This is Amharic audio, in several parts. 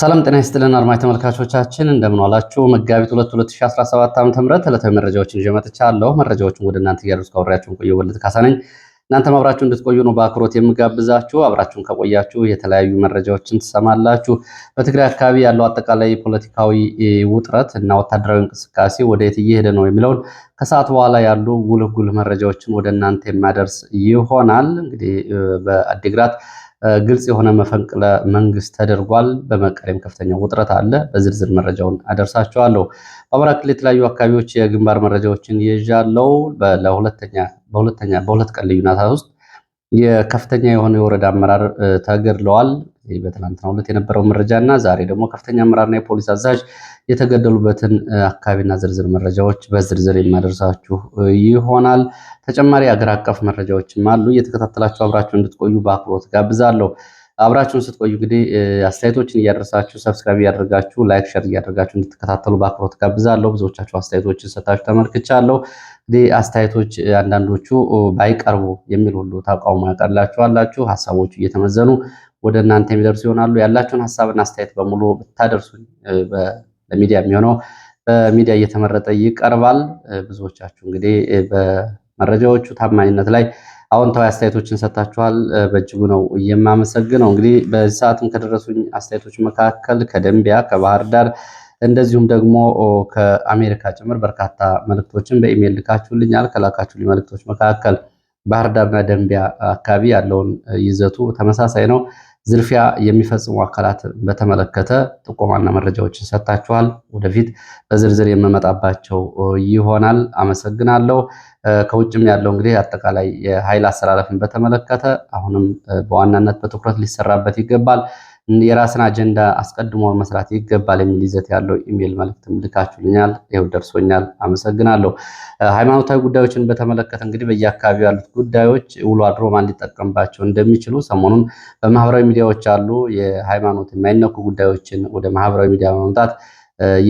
ሰላም ጤና ይስጥልን አድማጭ ተመልካቾቻችን እንደምን ዋላችሁ። መጋቢት 2 2017 ዓ.ም ዕለታዊ መረጃዎችን ይዤ መጥቻለሁ። መረጃዎችን ወደ እናንተ እያደረስኩ አብሬያችሁን ቆዩ በልት ካሳ ነኝ። እናንተም አብራችሁ እንድትቆዩ ነው በአክሮት የምጋብዛችሁ። አብራችሁን ከቆያችሁ የተለያዩ መረጃዎችን ትሰማላችሁ። በትግራይ አካባቢ ያለው አጠቃላይ ፖለቲካዊ ውጥረት እና ወታደራዊ እንቅስቃሴ ወደ የት እየሄደ ነው የሚለውን ከሰዓት በኋላ ያሉ ጉልህ ጉልህ መረጃዎችን ወደ እናንተ የማደርስ ይሆናል። እንግዲህ በአዲግራት ግልጽ የሆነ መፈንቅለ መንግስት ተደርጓል። በመቀሌም ከፍተኛ ውጥረት አለ። በዝርዝር መረጃውን አደርሳቸዋለሁ። በአማራ ክልል የተለያዩ አካባቢዎች የግንባር መረጃዎችን ይዣለው። በሁለት ቀን ልዩነታት ውስጥ የከፍተኛ የሆነ የወረዳ አመራር ተገድለዋል። በትናንትናው ዕለት የነበረው መረጃ እና ዛሬ ደግሞ ከፍተኛ አመራርና የፖሊስ አዛዥ የተገደሉበትን አካባቢና ዝርዝር መረጃዎች በዝርዝር የማደርሳችሁ ይሆናል። ተጨማሪ አገር አቀፍ መረጃዎችም አሉ። እየተከታተላችሁ አብራችሁ እንድትቆዩ በአክብሮት ጋብዛለሁ። አብራችሁን ስትቆዩ እንግዲህ አስተያየቶችን እያደረሳችሁ ሰብስክራይብ እያደረጋችሁ ላይክ፣ ሸር እያደረጋችሁ እንድትከታተሉ በአክብሮት ጋብዛለሁ። ብዙዎቻችሁ አስተያየቶችን ሰታችሁ ተመልክቻለሁ። እንግዲህ አስተያየቶች አንዳንዶቹ ባይቀርቡ የሚል ሁሉ ተቃውሞ ያቀላችሁ አላችሁ። ሀሳቦቹ እየተመዘኑ ወደ እናንተ የሚደርሱ ይሆናሉ። ያላችሁን ሀሳብና አስተያየት በሙሉ ብታደርሱኝ ለሚዲያ የሚሆነው በሚዲያ እየተመረጠ ይቀርባል። ብዙዎቻችሁ እንግዲህ በመረጃዎቹ ታማኝነት ላይ አዎንታዊ አስተያየቶችን ሰጥታችኋል። በእጅጉ ነው የማመሰግነው። እንግዲህ በዚህ ሰዓትም ከደረሱኝ አስተያየቶች መካከል ከደንቢያ፣ ከባህር ዳር እንደዚሁም ደግሞ ከአሜሪካ ጭምር በርካታ መልእክቶችን በኢሜይል ልካችሁልኛል። ከላካችሁልኝ መልእክቶች መካከል ባህር ዳርና ደንቢያ አካባቢ ያለውን ይዘቱ ተመሳሳይ ነው። ዝርፊያ የሚፈጽሙ አካላት በተመለከተ ጥቆማና መረጃዎችን ሰጥታችኋል። ወደፊት በዝርዝር የምመጣባቸው ይሆናል። አመሰግናለሁ። ከውጭም ያለው እንግዲህ አጠቃላይ የኃይል አሰላለፍን በተመለከተ አሁንም በዋናነት በትኩረት ሊሰራበት ይገባል። የራስን አጀንዳ አስቀድሞ መስራት ይገባል የሚል ይዘት ያለው ኢሜል መልእክትም ልካችሁልኛል። ይኸው ደርሶኛል። አመሰግናለሁ። ሃይማኖታዊ ጉዳዮችን በተመለከተ እንግዲህ በየአካባቢው ያሉት ጉዳዮች ውሎ አድሮ ማን ሊጠቀምባቸው እንደሚችሉ ሰሞኑን በማህበራዊ ሚዲያዎች አሉ። የሃይማኖት የማይነኩ ጉዳዮችን ወደ ማህበራዊ ሚዲያ በመምጣት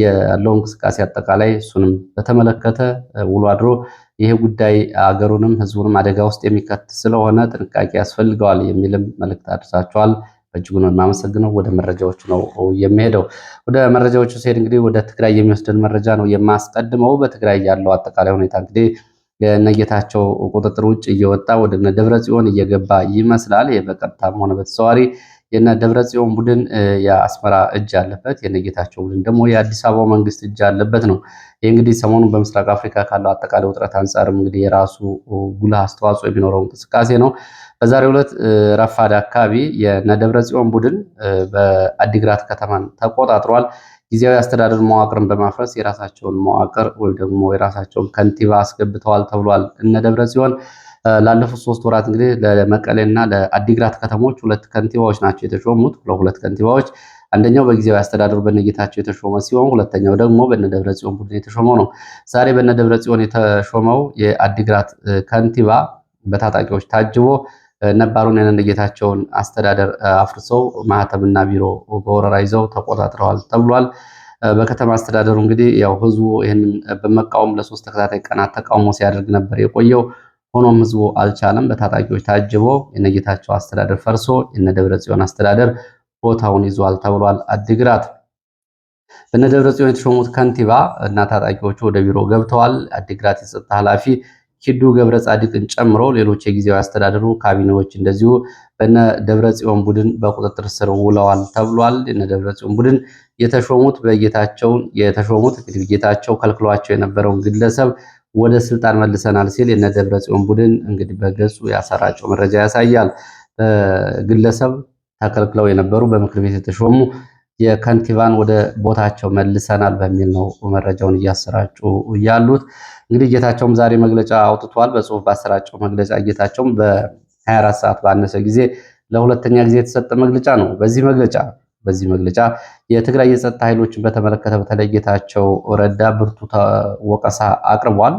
ያለው እንቅስቃሴ አጠቃላይ እሱንም በተመለከተ ውሎ አድሮ ይሄ ጉዳይ አገሩንም ህዝቡንም አደጋ ውስጥ የሚከት ስለሆነ ጥንቃቄ ያስፈልገዋል የሚልም መልእክት አድርሳቸዋል ነው የማመሰግነው። ወደ መረጃዎቹ ነው የሚሄደው። ወደ መረጃዎቹ ሲሄድ እንግዲህ ወደ ትግራይ የሚወስደን መረጃ ነው የማስቀድመው። በትግራይ ያለው አጠቃላይ ሁኔታ እንግዲህ ከነጌታቸው ቁጥጥር ውጭ እየወጣ ወደ ደብረ ጽዮን እየገባ ይመስላል። ይህ በቀጥታም ሆነ በተዘዋዋሪ የነ ደብረ ጽዮን ቡድን የአስመራ እጅ ያለበት የነጌታቸው ቡድን ደግሞ የአዲስ አበባ መንግስት እጅ ያለበት ነው። ይህ እንግዲህ ሰሞኑን በምስራቅ አፍሪካ ካለው አጠቃላይ ውጥረት አንጻርም እንግዲህ የራሱ ጉልህ አስተዋጽኦ የሚኖረው እንቅስቃሴ ነው። በዛሬው ዕለት ረፋድ አካባቢ የነደብረ ጽዮን ቡድን በአዲግራት ከተማን ተቆጣጥሯል። ጊዜያዊ አስተዳደር መዋቅርን በማፍረስ የራሳቸውን መዋቅር ወይም ደግሞ የራሳቸውን ከንቲባ አስገብተዋል ተብሏል። እነደብረ ጽዮን ላለፉት ሶስት ወራት እንግዲህ ለመቀሌና ለአዲግራት ከተሞች ሁለት ከንቲባዎች ናቸው የተሾሙት። ሁለት ከንቲባዎች አንደኛው በጊዜያዊ አስተዳደሩ በነጌታቸው የተሾመ ሲሆን ሁለተኛው ደግሞ በነደብረ ጽዮን ቡድን የተሾመው ነው። ዛሬ በነደብረ ጽዮን የተሾመው የአዲግራት ከንቲባ በታጣቂዎች ታጅቦ ነባሩን ያንን ጌታቸውን አስተዳደር አፍርሰው ማህተምና ቢሮ በወረራ ይዘው ተቆጣጥረዋል ተብሏል። በከተማ አስተዳደሩ እንግዲህ ያው ህዝቡ ይህንን በመቃወም ለሶስት ተከታታይ ቀናት ተቃውሞ ሲያደርግ ነበር የቆየው። ሆኖም ህዝቡ አልቻለም። በታጣቂዎች ታጅቦ የነጌታቸው አስተዳደር ፈርሶ ደብረ ጽዮን አስተዳደር ቦታውን ይዟል ተብሏል። አዲግራት በነደብረ ጽዮን የተሾሙት ከንቲባ እና ታጣቂዎቹ ወደ ቢሮ ገብተዋል። አዲግራት የጸጥታ ኃላፊ ሂዱ ገብረ ጻድቅን ጨምሮ ሌሎች የጊዜያዊ አስተዳደሩ ካቢኔዎች እንደዚሁ በነ ደብረ ጽዮን ቡድን በቁጥጥር ስር ውለዋል ተብሏል። እነ ደብረ ጽዮን ቡድን የተሾሙት በጌታቸው የተሾሙት እንግዲህ ጌታቸው ከልክሏቸው የነበረውን ግለሰብ ወደ ስልጣን መልሰናል ሲል የነ ደብረ ጽዮን ቡድን እንግዲህ በገጹ ያሰራጨው መረጃ ያሳያል። ግለሰብ ተከልክለው የነበሩ በምክር ቤት የተሾሙ የከንቲባን ወደ ቦታቸው መልሰናል በሚል ነው መረጃውን እያሰራጩ ያሉት። እንግዲህ ጌታቸውም ዛሬ መግለጫ አውጥቷል። በጽሁፍ ባሰራጨው መግለጫ ጌታቸውም በ24 ሰዓት ባነሰ ጊዜ ለሁለተኛ ጊዜ የተሰጠ መግለጫ ነው። በዚህ መግለጫ በዚህ መግለጫ የትግራይ የጸጥታ ኃይሎችን በተመለከተ በተለይ ጌታቸው ረዳ ብርቱ ወቀሳ አቅርቧል።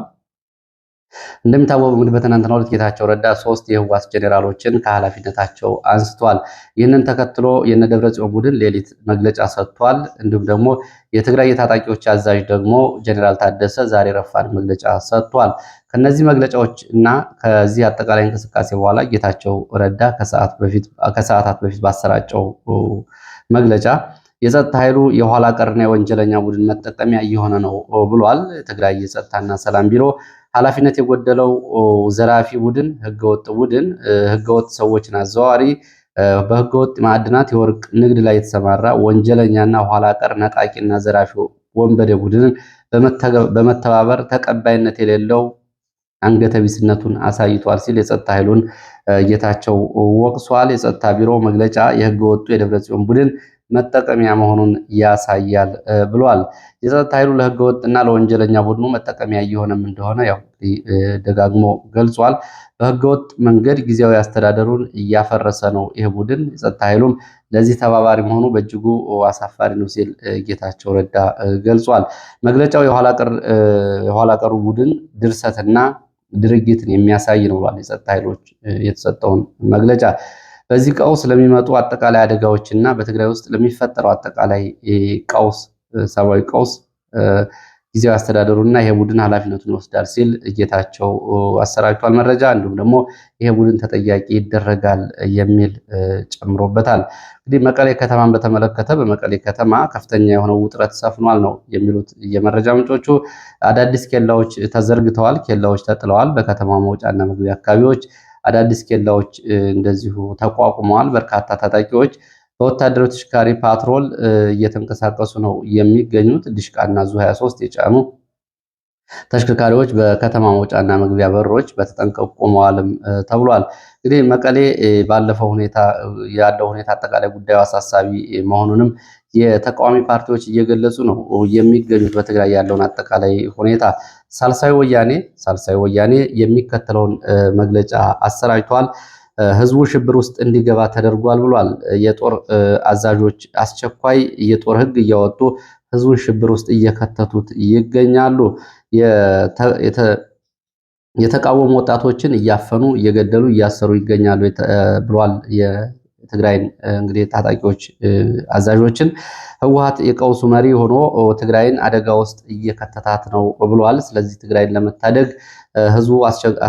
እንደሚታወቀው እንግዲህ በትናንትናው ዕለት ጌታቸው ረዳ ሶስት የህዋስ ጄኔራሎችን ከኃላፊነታቸው አንስቷል። ይህንን ተከትሎ የነ ቡድን ሌሊት መግለጫ ሰጥቷል። እንዲሁም ደግሞ የትግራይ የታጣቂዎች አዛዥ ደግሞ ጄኔራል ታደሰ ዛሬ ረፋድ መግለጫ ሰጥቷል። ከነዚህ መግለጫዎች እና ከዚህ አጠቃላይ እንቅስቃሴ በኋላ ጌታቸው ረዳ ከሰዓታት በፊት ባሰራጨው መግለጫ የጸጥታ ኃይሉ የኋላ ቀርና የወንጀለኛ ቡድን መጠቀሚያ እየሆነ ነው ብሏል። ትግራይ የጸጥታና ሰላም ቢሮ ኃላፊነት የጎደለው ዘራፊ ቡድን፣ ህገወጥ ቡድን፣ ህገወጥ ሰዎችን አዘዋዋሪ፣ በህገወጥ ማዕድናት የወርቅ ንግድ ላይ የተሰማራ ወንጀለኛና ኋላ ቀር ነጣቂና ዘራፊ ወንበዴ ቡድንን በመተባበር ተቀባይነት የሌለው አንገተቢስነቱን አሳይቷል ሲል የጸጥታ ኃይሉን ጌታቸው ወቅሷል። የጸጥታ ቢሮ መግለጫ የህገወጡ የደብረጽዮን ቡድን መጠቀሚያ መሆኑን ያሳያል ብሏል። የጸጥታ ኃይሉ ለህገወጥ እና ለወንጀለኛ ቡድኑ መጠቀሚያ እየሆነም እንደሆነ ያው ደጋግሞ ገልጿል። በህገወጥ መንገድ ጊዜያዊ አስተዳደሩን እያፈረሰ ነው ይህ ቡድን። የጸጥታ ኃይሉም ለዚህ ተባባሪ መሆኑ በእጅጉ አሳፋሪ ነው ሲል ጌታቸው ረዳ ገልጿል። መግለጫው የኋላ ቀሩ ቡድን ድርሰትና ድርጊትን የሚያሳይ ነው ብሏል። የጸጥታ ኃይሎች የተሰጠውን መግለጫ በዚህ ቀውስ ለሚመጡ አጠቃላይ አደጋዎች እና በትግራይ ውስጥ ለሚፈጠረው አጠቃላይ ቀውስ ሰብአዊ ቀውስ ጊዜያዊ አስተዳደሩ እና ይሄ ቡድን ኃላፊነቱን ይወስዳል ሲል ጌታቸው አሰራጅቷል መረጃ። እንዲሁም ደግሞ ይሄ ቡድን ተጠያቂ ይደረጋል የሚል ጨምሮበታል። እንግዲህ መቀሌ ከተማን በተመለከተ በመቀሌ ከተማ ከፍተኛ የሆነው ውጥረት ሰፍኗል ነው የሚሉት የመረጃ ምንጮቹ። አዳዲስ ኬላዎች ተዘርግተዋል፣ ኬላዎች ተጥለዋል። በከተማ መውጫና መግቢያ አካባቢዎች አዳዲስ ኬላዎች እንደዚሁ ተቋቁመዋል። በርካታ ታጣቂዎች በወታደሮች ተሽከርካሪ ፓትሮል እየተንቀሳቀሱ ነው የሚገኙት። ድሽቃና ዙ 23 የጫኑ ተሽከርካሪዎች በከተማ መውጫና መግቢያ በሮች በተጠንቀቅ ቆመዋልም ተብሏል። እንግዲህ መቀሌ ባለፈው ሁኔታ ያለው ሁኔታ አጠቃላይ ጉዳዩ አሳሳቢ መሆኑንም የተቃዋሚ ፓርቲዎች እየገለጹ ነው የሚገኙት በትግራይ ያለውን አጠቃላይ ሁኔታ ሳልሳይ ወያኔ ሳልሳይ ወያኔ የሚከተለውን መግለጫ አሰራጅቷል። ህዝቡ ሽብር ውስጥ እንዲገባ ተደርጓል ብሏል። የጦር አዛዦች አስቸኳይ የጦር ህግ እያወጡ ህዝቡን ሽብር ውስጥ እየከተቱት ይገኛሉ። የተቃወሙ ወጣቶችን እያፈኑ እየገደሉ እያሰሩ ይገኛሉ ብሏል። ትግራይን እንግዲህ ታጣቂዎች አዛዦችን ህወሀት የቀውሱ መሪ ሆኖ ትግራይን አደጋ ውስጥ እየከተታት ነው ብሏል። ስለዚህ ትግራይን ለመታደግ ህዝቡ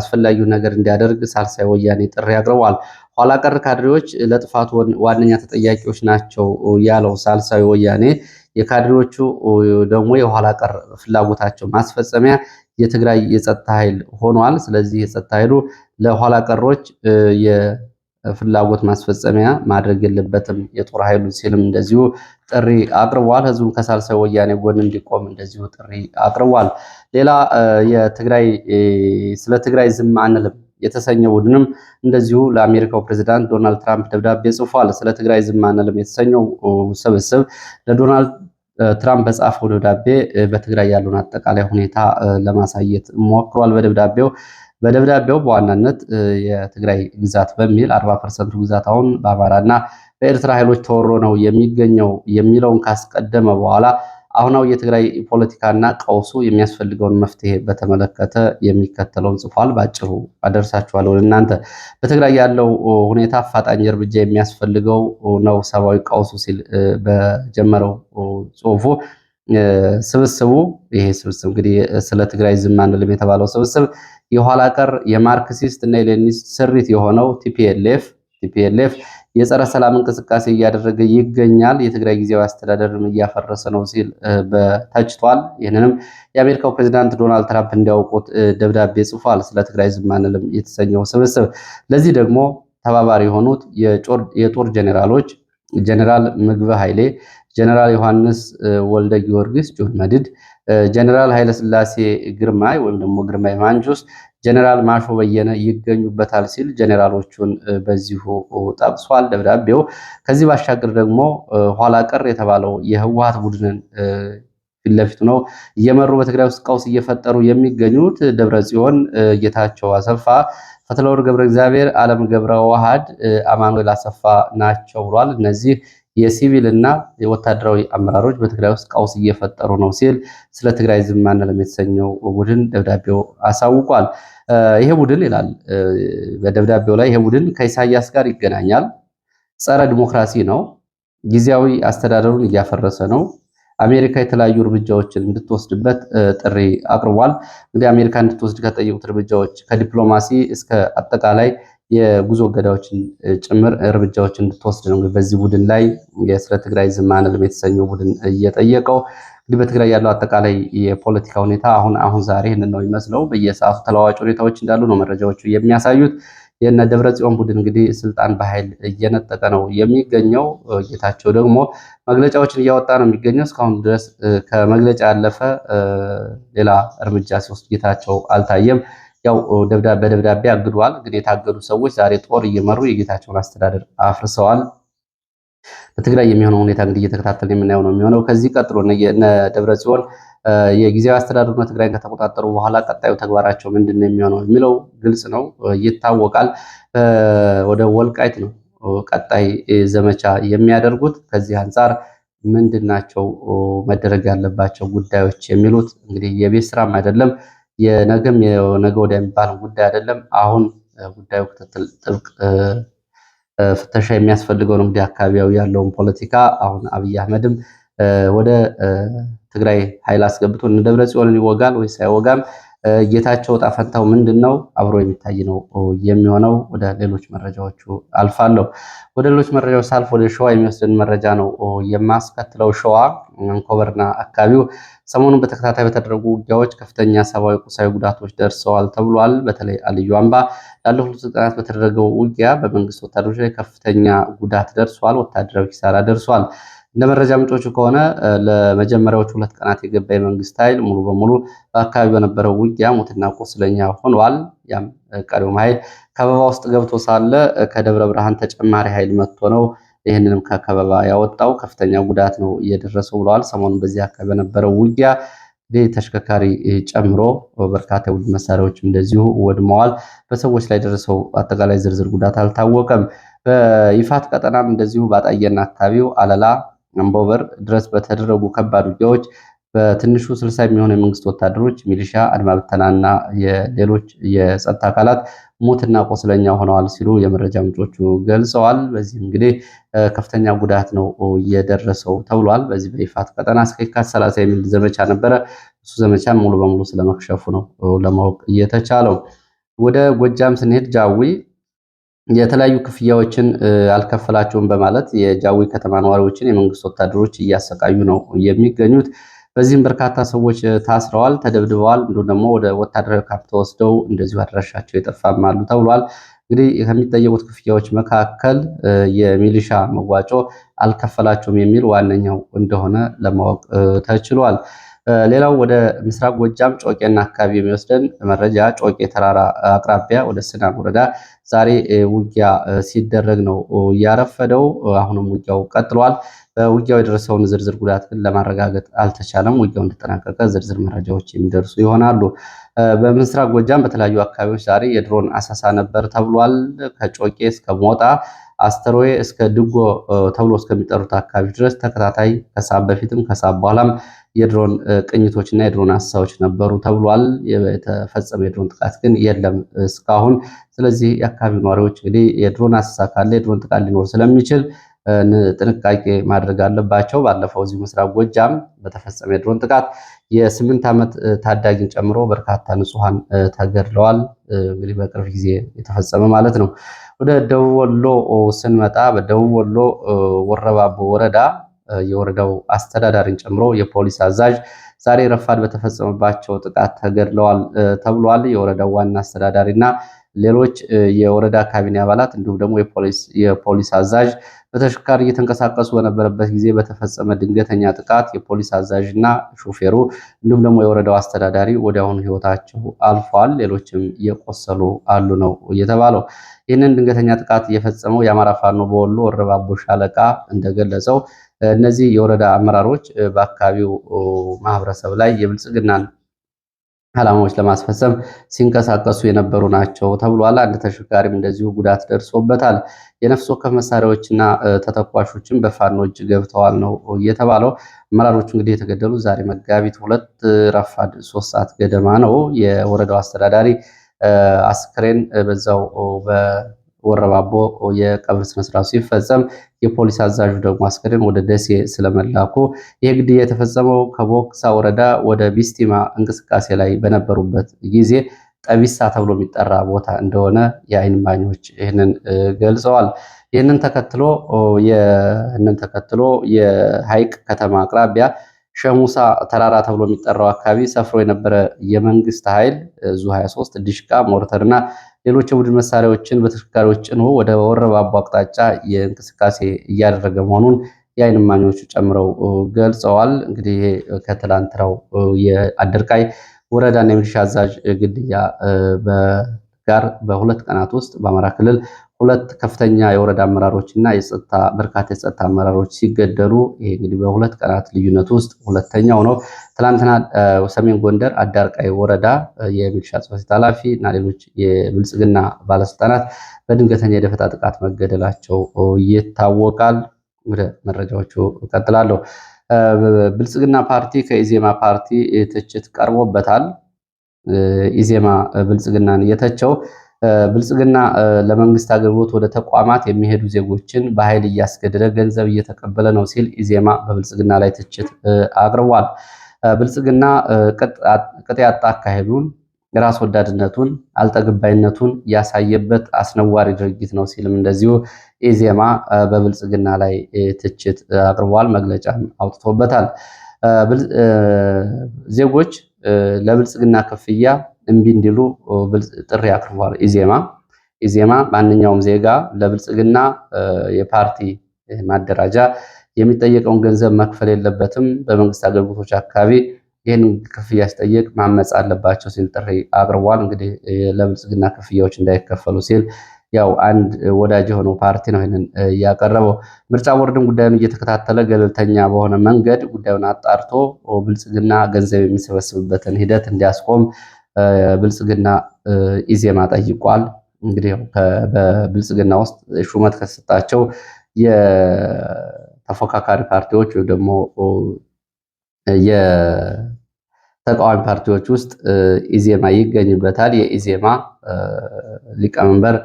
አስፈላጊውን ነገር እንዲያደርግ ሳልሳይ ወያኔ ጥሪ አቅርቧል። ኋላ ቀር ካድሬዎች ለጥፋቱ ዋነኛ ተጠያቂዎች ናቸው ያለው ሳልሳዊ ወያኔ የካድሬዎቹ ደግሞ የኋላ ቀር ፍላጎታቸው ማስፈጸሚያ የትግራይ የጸጥታ ኃይል ሆኗል። ስለዚህ የጸጥታ ኃይሉ ለኋላ ቀሮች ፍላጎት ማስፈጸሚያ ማድረግ የለበትም የጦር ኃይሉ ሲልም እንደዚሁ ጥሪ አቅርቧል። ህዝቡም ከሳልሳይ ወያኔ ጎን እንዲቆም እንደዚሁ ጥሪ አቅርቧል። ሌላ የትግራይ ስለ ትግራይ ዝም አንልም የተሰኘ ቡድንም እንደዚሁ ለአሜሪካው ፕሬዚዳንት ዶናልድ ትራምፕ ደብዳቤ ጽፏል። ስለ ትግራይ ዝም አንልም የተሰኘው ስብስብ ለዶናልድ ትራምፕ በጻፈው ደብዳቤ በትግራይ ያለውን አጠቃላይ ሁኔታ ለማሳየት ሞክሯል። በደብዳቤው በደብዳቤው በዋናነት የትግራይ ግዛት በሚል 40 ፐርሰንቱ ግዛት አሁን በአማራና በኤርትራ ኃይሎች ተወሮ ነው የሚገኘው የሚለውን ካስቀደመ በኋላ አሁናው የትግራይ ፖለቲካና ቀውሱ የሚያስፈልገውን መፍትሄ በተመለከተ የሚከተለውን ጽፏል። በአጭሩ አደርሳችኋለሁ እናንተ በትግራይ ያለው ሁኔታ አፋጣኝ እርምጃ የሚያስፈልገው ነው ሰብአዊ ቀውሱ ሲል በጀመረው ጽሁፉ ስብስቡ ይሄ ስብስብ እንግዲህ ስለ ትግራይ ዝም አንልም የተባለው ስብስብ የኋላ ቀር የማርክሲስት እና የሌኒስት ስሪት የሆነው ቲፒኤልኤፍ ቲፒኤልኤፍ የጸረ ሰላም እንቅስቃሴ እያደረገ ይገኛል። የትግራይ ጊዜያዊ አስተዳደርም እያፈረሰ ነው ሲል ተችቷል። ይህንንም የአሜሪካው ፕሬዚዳንት ዶናልድ ትራምፕ እንዲያውቁት ደብዳቤ ጽፏል። ስለ ትግራይ ዝም አንልም የተሰኘው ስብስብ ለዚህ ደግሞ ተባባሪ የሆኑት የጦር ጀኔራሎች ጀኔራል ምግበ ኃይሌ ጀነራል ዮሐንስ ወልደ ጊዮርጊስ ጩህ መድድ፣ ጀነራል ኃይለስላሴ ግርማይ ወይም ደግሞ ግርማይ ማንጁስ፣ ጀነራል ማሾ በየነ ይገኙበታል ሲል ጀነራሎቹን በዚሁ ጠቅሷል ደብዳቤው። ከዚህ ባሻገር ደግሞ ኋላ ቀር የተባለው የህወሀት ቡድንን ፊት ነው እየመሩ በትግራይ ውስጥ ቀውስ እየፈጠሩ የሚገኙት ደብረ ጽዮን ጌታቸው አሰፋ፣ ፈትለወርቅ ገብረ እግዚአብሔር፣ አለም ገብረ ዋሃድ፣ አማኑኤል አሰፋ ናቸው ብሏል። እነዚህ የሲቪል እና የወታደራዊ አመራሮች በትግራይ ውስጥ ቀውስ እየፈጠሩ ነው ሲል ስለ ትግራይ ዝም አንልም ቡድን ደብዳቤው አሳውቋል። ይሄ ቡድን ይላል በደብዳቤው ላይ ይሄ ቡድን ከኢሳያስ ጋር ይገናኛል፣ ጸረ ዲሞክራሲ ነው፣ ጊዜያዊ አስተዳደሩን እያፈረሰ ነው አሜሪካ የተለያዩ እርምጃዎችን እንድትወስድበት ጥሪ አቅርቧል። እንግዲህ አሜሪካ እንድትወስድ ከጠየቁት እርምጃዎች ከዲፕሎማሲ እስከ አጠቃላይ የጉዞ እገዳዎችን ጭምር እርምጃዎች እንድትወስድ ነው በዚህ ቡድን ላይ የስለ ትግራይ ዝም አንልም የተሰኘው ቡድን እየጠየቀው። እንግዲህ በትግራይ ያለው አጠቃላይ የፖለቲካ ሁኔታ አሁን አሁን ዛሬ ይህንን ነው የሚመስለው። በየሰዓቱ ተለዋዋጭ ሁኔታዎች እንዳሉ ነው መረጃዎቹ የሚያሳዩት። የነ ደብረ ጽዮን ቡድን እንግዲህ ስልጣን በኃይል እየነጠቀ ነው የሚገኘው። ጌታቸው ደግሞ መግለጫዎችን እያወጣ ነው የሚገኘው። እስካሁን ድረስ ከመግለጫ ያለፈ ሌላ እርምጃ ሲወስድ ጌታቸው አልታየም። ያው በደብዳቤ አግዷል። ግን የታገዱ ሰዎች ዛሬ ጦር እየመሩ የጌታቸውን አስተዳደር አፍርሰዋል። በትግራይ የሚሆነው ሁኔታ እንግዲህ እየተከታተልን የምናየው ነው የሚሆነው። ከዚህ ቀጥሎ እነ ደብረ ጽዮን የጊዜያዊ አስተዳደሩ ትግራይን ከተቆጣጠሩ በኋላ ቀጣዩ ተግባራቸው ምንድን ነው የሚሆነው የሚለው ግልጽ ነው፣ ይታወቃል። ወደ ወልቃይት ነው ቀጣይ ዘመቻ የሚያደርጉት። ከዚህ አንጻር ምንድን ናቸው መደረግ ያለባቸው ጉዳዮች የሚሉት እንግዲህ የቤት ስራም አይደለም የነገም የነገ ወዲያ የሚባል ጉዳይ አይደለም። አሁን ጉዳዩ ክትትል፣ ጥብቅ ፍተሻ የሚያስፈልገው ነው። እንግዲህ አካባቢያዊ ያለውን ፖለቲካ አሁን አብይ አህመድም ወደ ትግራይ ኃይል አስገብቶ እነ ጽዮንን ይወጋል ወይስ አይወጋም? ጌታቸው ዕጣ ፈንታው ምንድን ነው? አብሮ የሚታይ ነው የሚሆነው። ወደ ሌሎች መረጃዎቹ አልፋለሁ። ወደ ሌሎች መረጃዎች ሳልፍ ወደ ሸዋ የሚወስድን መረጃ ነው የማስከትለው። ሸዋ አንኮበርና አካባቢው ሰሞኑን በተከታታይ በተደረጉ ውጊያዎች ከፍተኛ ሰብአዊ፣ ቁሳዊ ጉዳቶች ደርሰዋል ተብሏል። በተለይ አልዩ አምባ ላለፉት ቀናት በተደረገው ውጊያ በመንግስት ወታደሮች ላይ ከፍተኛ ጉዳት ደርሷል። ወታደራዊ ኪሳራ ደርሷል። እንደ መረጃ ምንጮቹ ከሆነ ለመጀመሪያዎቹ ሁለት ቀናት የገባ የመንግስት ኃይል ሙሉ በሙሉ በአካባቢ በነበረው ውጊያ ሙትና ቁስለኛ ሆኗል። ያም ቀሪውም ኃይል ከበባ ውስጥ ገብቶ ሳለ ከደብረ ብርሃን ተጨማሪ ኃይል መጥቶ ነው ይህንንም ከከበባ ያወጣው። ከፍተኛ ጉዳት ነው እየደረሰው ብለዋል። ሰሞኑን በዚህ አካባቢ በነበረው ውጊያ ተሽከርካሪ ጨምሮ በርካታ ውድ መሳሪያዎች እንደዚሁ ወድመዋል። በሰዎች ላይ ደረሰው አጠቃላይ ዝርዝር ጉዳት አልታወቀም። በይፋት ቀጠናም እንደዚሁ ባጣየና አካባቢው አለላ አምቦበር ድረስ በተደረጉ ከባድ ውጊያዎች በትንሹ ስልሳ የሚሆኑ የመንግስት ወታደሮች፣ ሚሊሻ፣ አድማ ብተናና የሌሎች የጸጥታ አካላት ሞትና ቆስለኛ ሆነዋል ሲሉ የመረጃ ምንጮቹ ገልጸዋል። በዚህ እንግዲህ ከፍተኛ ጉዳት ነው እየደረሰው ተብሏል። በዚህ በይፋት ቀጠና እስከ ሰላሳ የሚል ዘመቻ ነበረ። እሱ ዘመቻ ሙሉ በሙሉ ስለመክሸፉ ነው ለማወቅ እየተቻለው። ወደ ጎጃም ስንሄድ ጃዊ የተለያዩ ክፍያዎችን አልከፈላቸውም በማለት የጃዊ ከተማ ነዋሪዎችን የመንግስት ወታደሮች እያሰቃዩ ነው የሚገኙት። በዚህም በርካታ ሰዎች ታስረዋል፣ ተደብድበዋል። እንዲሁም ደግሞ ወደ ወታደራዊ ካምፕ ተወስደው እንደዚሁ አድራሻቸው የጠፋም አሉ ተብሏል። እንግዲህ ከሚጠየቁት ክፍያዎች መካከል የሚሊሻ መዋጮ አልከፈላቸውም የሚል ዋነኛው እንደሆነ ለማወቅ ተችሏል። ሌላው ወደ ምስራቅ ጎጃም ጮቄና አካባቢ የሚወስደን መረጃ ጮቄ ተራራ አቅራቢያ ወደ ስናን ወረዳ ዛሬ ውጊያ ሲደረግ ነው ያረፈደው። አሁንም ውጊያው ቀጥሏል። በውጊያው የደረሰውን ዝርዝር ጉዳት ግን ለማረጋገጥ አልተቻለም። ውጊያው እንደተጠናቀቀ ዝርዝር መረጃዎች የሚደርሱ ይሆናሉ። በምስራቅ ጎጃም በተለያዩ አካባቢዎች ዛሬ የድሮን አሳሳ ነበር ተብሏል። ከጮቄ እስከ ሞጣ አስተሮዌ እስከ ድጎ ተብሎ እስከሚጠሩት አካባቢ ድረስ ተከታታይ ከሳብ በፊትም ከሳብ በኋላም የድሮን ቅኝቶች እና የድሮን አሳዎች ነበሩ ተብሏል። የተፈጸመ የድሮን ጥቃት ግን የለም እስካሁን። ስለዚህ የአካባቢው ነዋሪዎች እንግዲህ የድሮን አሳ ካለ የድሮን ጥቃት ሊኖር ስለሚችል ጥንቃቄ ማድረግ አለባቸው። ባለፈው እዚሁ ምስራቅ ጎጃም በተፈጸመ የድሮን ጥቃት የስምንት ዓመት ታዳጊን ጨምሮ በርካታ ንጹሐን ተገድለዋል። እንግዲህ በቅርብ ጊዜ የተፈጸመ ማለት ነው። ወደ ደቡብ ወሎ ስንመጣ በደቡብ ወሎ ወረባቦ ወረዳ የወረዳው አስተዳዳሪን ጨምሮ የፖሊስ አዛዥ ዛሬ ረፋድ በተፈጸመባቸው ጥቃት ተገድለዋል ተብሏል። የወረዳው ዋና አስተዳዳሪና ሌሎች የወረዳ ካቢኔ አባላት እንዲሁም ደግሞ የፖሊስ አዛዥ በተሽከርካሪ እየተንቀሳቀሱ በነበረበት ጊዜ በተፈጸመ ድንገተኛ ጥቃት የፖሊስ አዛዥ እና ሹፌሩ እንዲሁም ደግሞ የወረዳው አስተዳዳሪ ወዲያውኑ ህይወታቸው አልፏል። ሌሎችም የቆሰሉ አሉ ነው የተባለው። ይህንን ድንገተኛ ጥቃት እየፈጸመው የአማራ ፋኖ በወሎ ወረባቦ ሻለቃ እንደገለጸው እነዚህ የወረዳ አመራሮች በአካባቢው ማህበረሰብ ላይ የብልጽግናን ዓላማዎች ለማስፈጸም ሲንቀሳቀሱ የነበሩ ናቸው ተብሏል። አንድ ተሽከርካሪም እንደዚሁ ጉዳት ደርሶበታል። የነፍስ ወከፍ መሳሪያዎችና ተተኳሾችም በፋኖ እጅ ገብተዋል ነው እየተባለው። አመራሮቹ እንግዲህ የተገደሉ ዛሬ መጋቢት ሁለት ረፋድ ሶስት ሰዓት ገደማ ነው። የወረዳው አስተዳዳሪ አስክሬን በዛው ወረባቦ የቀብር ስነስርዓቱ ሲፈጸም የፖሊስ አዛዡ ደግሞ አስከሬን ወደ ደሴ ስለመላኩ ይህ ግድያ የተፈጸመው ከቦክሳ ወረዳ ወደ ቢስቲማ እንቅስቃሴ ላይ በነበሩበት ጊዜ ጠቢሳ ተብሎ የሚጠራ ቦታ እንደሆነ የአይን ማኞች ይህንን ገልጸዋል። ይህንን ተከትሎ የሀይቅ ከተማ አቅራቢያ ሸሙሳ ተራራ ተብሎ የሚጠራው አካባቢ ሰፍሮ የነበረ የመንግስት ኃይል ዙ 23 ድሽቃ፣ ሞርተር እና ሌሎች የቡድን መሳሪያዎችን በተሽከርካሪዎች ጭኖ ወደ ወረባቦ አቅጣጫ የእንቅስቃሴ እያደረገ መሆኑን የአይን እማኞቹ ጨምረው ገልጸዋል። እንግዲህ ከትላንትናው የአደርቃይ ወረዳና የሚሊሻ አዛዥ ግድያ ጋር በሁለት ቀናት ውስጥ በአማራ ክልል ሁለት ከፍተኛ የወረዳ አመራሮች እና በርካታ የጸጥታ አመራሮች ሲገደሉ ይሄ እንግዲህ በሁለት ቀናት ልዩነት ውስጥ ሁለተኛው ነው። ትላንትና ሰሜን ጎንደር አዳርቃይ ወረዳ የሚሊሻ ጽሕፈት ኃላፊ እና ሌሎች የብልጽግና ባለስልጣናት በድንገተኛ የደፈጣ ጥቃት መገደላቸው ይታወቃል። ወደ መረጃዎቹ እቀጥላለሁ። ብልጽግና ፓርቲ ከኢዜማ ፓርቲ ትችት ቀርቦበታል። ኢዜማ ብልጽግናን እየተቸው ብልጽግና ለመንግስት አገልግሎት ወደ ተቋማት የሚሄዱ ዜጎችን በኃይል እያስገደደ ገንዘብ እየተቀበለ ነው ሲል ኢዜማ በብልጽግና ላይ ትችት አቅርቧል። ብልጽግና ቅጥ ያጣ አካሄዱን፣ ራስ ወዳድነቱን፣ አልጠግባይነቱን ያሳየበት አስነዋሪ ድርጊት ነው ሲልም እንደዚሁ ኢዜማ በብልጽግና ላይ ትችት አቅርቧል። መግለጫም አውጥቶበታል። ዜጎች ለብልጽግና ክፍያ እምቢ እንዲሉ ጥሪ አቅርቧል። ኢዜማ ኢዜማ ማንኛውም ዜጋ ለብልጽግና የፓርቲ ማደራጃ የሚጠየቀውን ገንዘብ መክፈል የለበትም፣ በመንግስት አገልግሎቶች አካባቢ ይህን ክፍያ ሲጠየቅ ማመፅ አለባቸው ሲል ጥሪ አቅርቧል። እንግዲህ ለብልጽግና ክፍያዎች እንዳይከፈሉ ሲል ያው አንድ ወዳጅ የሆነው ፓርቲ ነው ይህንን እያቀረበው። ምርጫ ቦርድም ጉዳዩን እየተከታተለ ገለልተኛ በሆነ መንገድ ጉዳዩን አጣርቶ ብልጽግና ገንዘብ የሚሰበስብበትን ሂደት እንዲያስቆም ብልጽግና ኢዜማ ጠይቋል። እንግዲህ በብልጽግና ውስጥ ሹመት ከሰጣቸው የተፎካካሪ ፓርቲዎች ወይም ደግሞ የተቃዋሚ ፓርቲዎች ውስጥ ኢዜማ ይገኝበታል። የኢዜማ ሊቀመንበር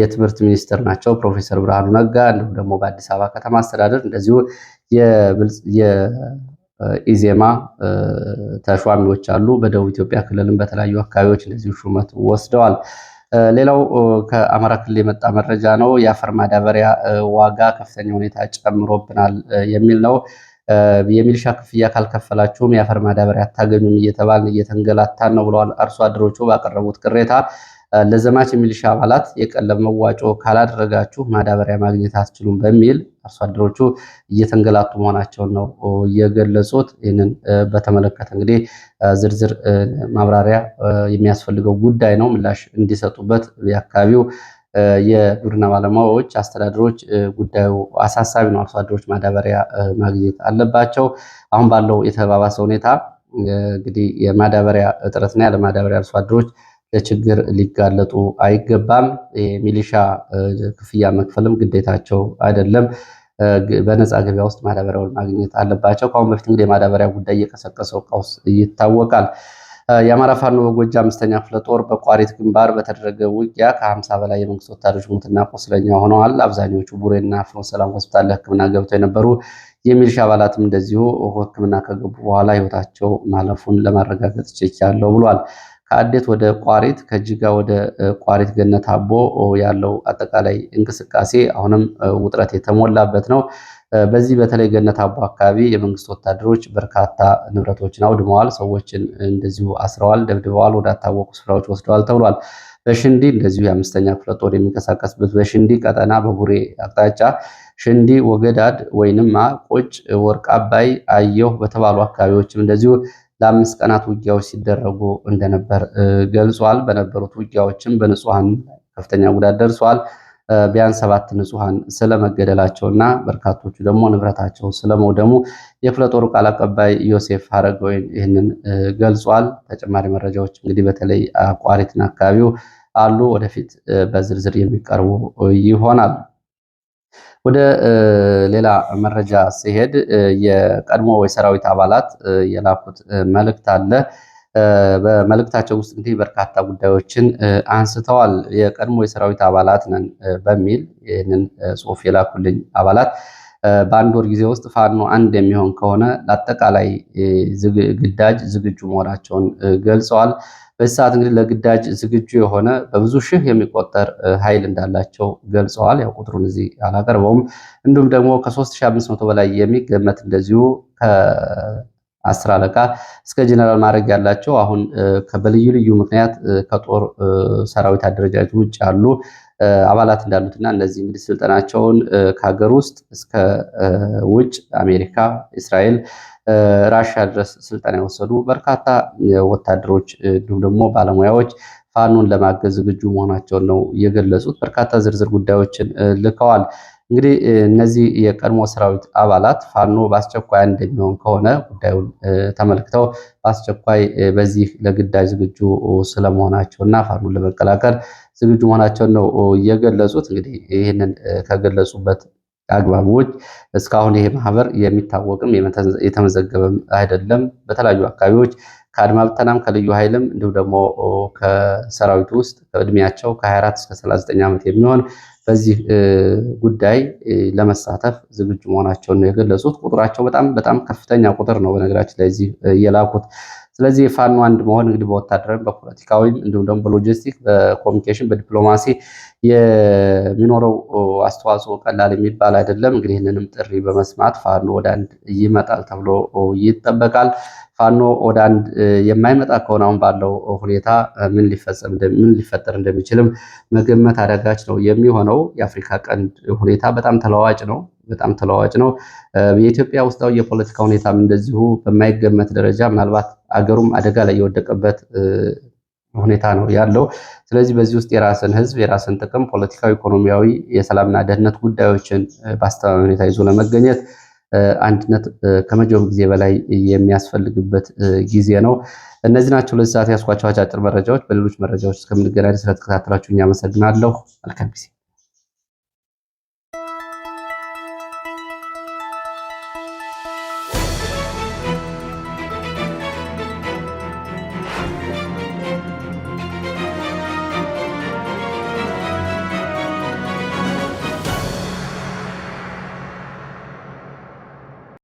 የትምህርት ሚኒስትር ናቸው ፕሮፌሰር ብርሃኑ ነጋ። እንዲሁም ደግሞ በአዲስ አበባ ከተማ አስተዳደር እንደዚሁ ኢዜማ ተሿሚዎች አሉ። በደቡብ ኢትዮጵያ ክልልም በተለያዩ አካባቢዎች እንደዚሁ ሹመት ወስደዋል። ሌላው ከአማራ ክልል የመጣ መረጃ ነው። የአፈር ማዳበሪያ ዋጋ ከፍተኛ ሁኔታ ጨምሮብናል የሚል ነው። የሚልሻ ክፍያ ካልከፈላችሁም የአፈር ማዳበሪያ አታገኙም እየተባልን እየተንገላታን ነው ብለዋል አርሶ አደሮቹ ባቀረቡት ቅሬታ ለዘማች የሚሊሻ አባላት የቀለብ መዋጮ ካላደረጋችሁ ማዳበሪያ ማግኘት አትችሉም በሚል አርሶ አደሮቹ እየተንገላቱ መሆናቸውን ነው የገለጹት። ይህንን በተመለከተ እንግዲህ ዝርዝር ማብራሪያ የሚያስፈልገው ጉዳይ ነው። ምላሽ እንዲሰጡበት የአካባቢው የግብርና ባለሙያዎች፣ አስተዳደሮች ጉዳዩ አሳሳቢ ነው። አርሶ አደሮች ማዳበሪያ ማግኘት አለባቸው። አሁን ባለው የተባባሰ ሁኔታ እንግዲህ የማዳበሪያ እጥረትና ያለ ማዳበሪያ አርሶ አደሮች ለችግር ሊጋለጡ አይገባም። የሚሊሻ ክፍያ መክፈልም ግዴታቸው አይደለም። በነፃ ገበያ ውስጥ ማዳበሪያውን ማግኘት አለባቸው። ከአሁን በፊት እንግዲህ የማዳበሪያ ጉዳይ እየቀሰቀሰው ቀውስ ይታወቃል። የአማራ ፋኖ በጎጃም አምስተኛ ክፍለ ጦር በቋሪት ግንባር በተደረገ ውጊያ ከሀምሳ በላይ የመንግስት ወታደሮች ሙትና ቆስለኛ ሆነዋል። አብዛኞቹ ቡሬና ፍኖ ሰላም ሆስፒታል ለሕክምና ገብተው የነበሩ የሚሊሻ አባላትም እንደዚሁ ሕክምና ከገቡ በኋላ ህይወታቸው ማለፉን ለማረጋገጥ ችያለሁ ብሏል። ከአዴት ወደ ቋሪት ከጅጋ ወደ ቋሪት ገነት አቦ ያለው አጠቃላይ እንቅስቃሴ አሁንም ውጥረት የተሞላበት ነው። በዚህ በተለይ ገነት አቦ አካባቢ የመንግስት ወታደሮች በርካታ ንብረቶችን አውድመዋል፣ ሰዎችን እንደዚሁ አስረዋል፣ ደብድበዋል፣ ወዳታወቁ ስፍራዎች ወስደዋል ተብሏል። በሽንዲ እንደዚሁ የአምስተኛ ክፍለ ጦር የሚንቀሳቀስበት በሽንዲ ቀጠና በቡሬ አቅጣጫ ሽንዲ፣ ወገዳድ፣ ወይንማ፣ ቆጭ፣ ወርቅ አባይ፣ አየሁ በተባሉ አካባቢዎችም እንደዚሁ ለአምስት ቀናት ውጊያዎች ሲደረጉ እንደነበር ገልጿል። በነበሩት ውጊያዎችም በንጹሐን ከፍተኛ ጉዳት ደርሷል። ቢያንስ ሰባት ንጹሐን ስለመገደላቸውና በርካቶቹ ደግሞ ንብረታቸው ስለመውደሙ የክፍለ ጦሩ ቃል አቀባይ ዮሴፍ ሀረገወይን ይህንን ገልጿል። ተጨማሪ መረጃዎች እንግዲህ በተለይ አቋሪትን አካባቢው አሉ። ወደፊት በዝርዝር የሚቀርቡ ይሆናል። ወደ ሌላ መረጃ ሲሄድ የቀድሞ የሰራዊት አባላት የላኩት መልእክት አለ። በመልእክታቸው ውስጥ እንግዲህ በርካታ ጉዳዮችን አንስተዋል። የቀድሞ የሰራዊት አባላት ነን በሚል ይህንን ጽሑፍ የላኩልኝ አባላት በአንድ ወር ጊዜ ውስጥ ፋኖ አንድ የሚሆን ከሆነ ለአጠቃላይ ግዳጅ ዝግጁ መሆናቸውን ገልጸዋል። በዚህ ሰዓት እንግዲህ ለግዳጅ ዝግጁ የሆነ በብዙ ሺህ የሚቆጠር ኃይል እንዳላቸው ገልጸዋል። ያው ቁጥሩን እዚህ አላቀርበውም። እንዲሁም ደግሞ ከ3500 በላይ የሚገመት እንደዚሁ ከአስር አለቃ እስከ ጀነራል ማድረግ ያላቸው አሁን በልዩ ልዩ ምክንያት ከጦር ሰራዊት አደረጃጅ ውጭ ያሉ አባላት እንዳሉትና እነዚህ እንግዲህ ስልጠናቸውን ከሀገር ውስጥ እስከ ውጭ አሜሪካ፣ እስራኤል ራሽያ ድረስ ስልጠና የወሰዱ በርካታ ወታደሮች እንዲሁም ደግሞ ባለሙያዎች ፋኖን ለማገዝ ዝግጁ መሆናቸውን ነው የገለጹት። በርካታ ዝርዝር ጉዳዮችን ልከዋል። እንግዲህ እነዚህ የቀድሞ ሰራዊት አባላት ፋኖ በአስቸኳይ እንደሚሆን ከሆነ ጉዳዩን ተመልክተው በአስቸኳይ በዚህ ለግዳጅ ዝግጁ ስለመሆናቸው እና ፋኖን ለመቀላቀል ዝግጁ መሆናቸውን ነው የገለጹት። እንግዲህ ይህንን ከገለጹበት አግባቦች እስካሁን ይሄ ማህበር የሚታወቅም የተመዘገበም አይደለም። በተለያዩ አካባቢዎች ከአድማ ብተናም ከልዩ ኃይልም እንዲሁም ደግሞ ከሰራዊቱ ውስጥ እድሜያቸው ከ24 እስከ 39 ዓመት የሚሆን በዚህ ጉዳይ ለመሳተፍ ዝግጁ መሆናቸውን ነው የገለጹት። ቁጥራቸው በጣም በጣም ከፍተኛ ቁጥር ነው። በነገራችን ላይ እዚህ የላኩት ስለዚህ የፋኖ አንድ መሆን እንግዲህ በወታደራዊ በፖለቲካዊ እንዲሁም ደግሞ በሎጂስቲክ በኮሚኒኬሽን በዲፕሎማሲ የሚኖረው አስተዋጽኦ ቀላል የሚባል አይደለም። እንግዲህ ይህንንም ጥሪ በመስማት ፋኖ ወደ አንድ ይመጣል ተብሎ ይጠበቃል። ፋኖ ወደ አንድ የማይመጣ ከሆነ አሁን ባለው ሁኔታ ምን ሊፈጠር እንደሚችልም መገመት አዳጋች ነው የሚሆነው። የአፍሪካ ቀንድ ሁኔታ በጣም ተለዋጭ ነው በጣም ተለዋዋጭ ነው። የኢትዮጵያ ውስጣዊ የፖለቲካ ሁኔታም እንደዚሁ በማይገመት ደረጃ ምናልባት አገሩም አደጋ ላይ የወደቀበት ሁኔታ ነው ያለው። ስለዚህ በዚህ ውስጥ የራስን ህዝብ የራስን ጥቅም ፖለቲካዊ፣ ኢኮኖሚያዊ፣ የሰላምና ደህንነት ጉዳዮችን በአስተማማኝ ሁኔታ ይዞ ለመገኘት አንድነት ከመጀመሩ ጊዜ በላይ የሚያስፈልግበት ጊዜ ነው። እነዚህ ናቸው ለዚህ ሰዓት ያስኳቸው አጫጭር መረጃዎች። በሌሎች መረጃዎች እስከምንገናኝ ስለተከታተላችሁ እኛ አመሰግናለሁ። መልካም ጊዜ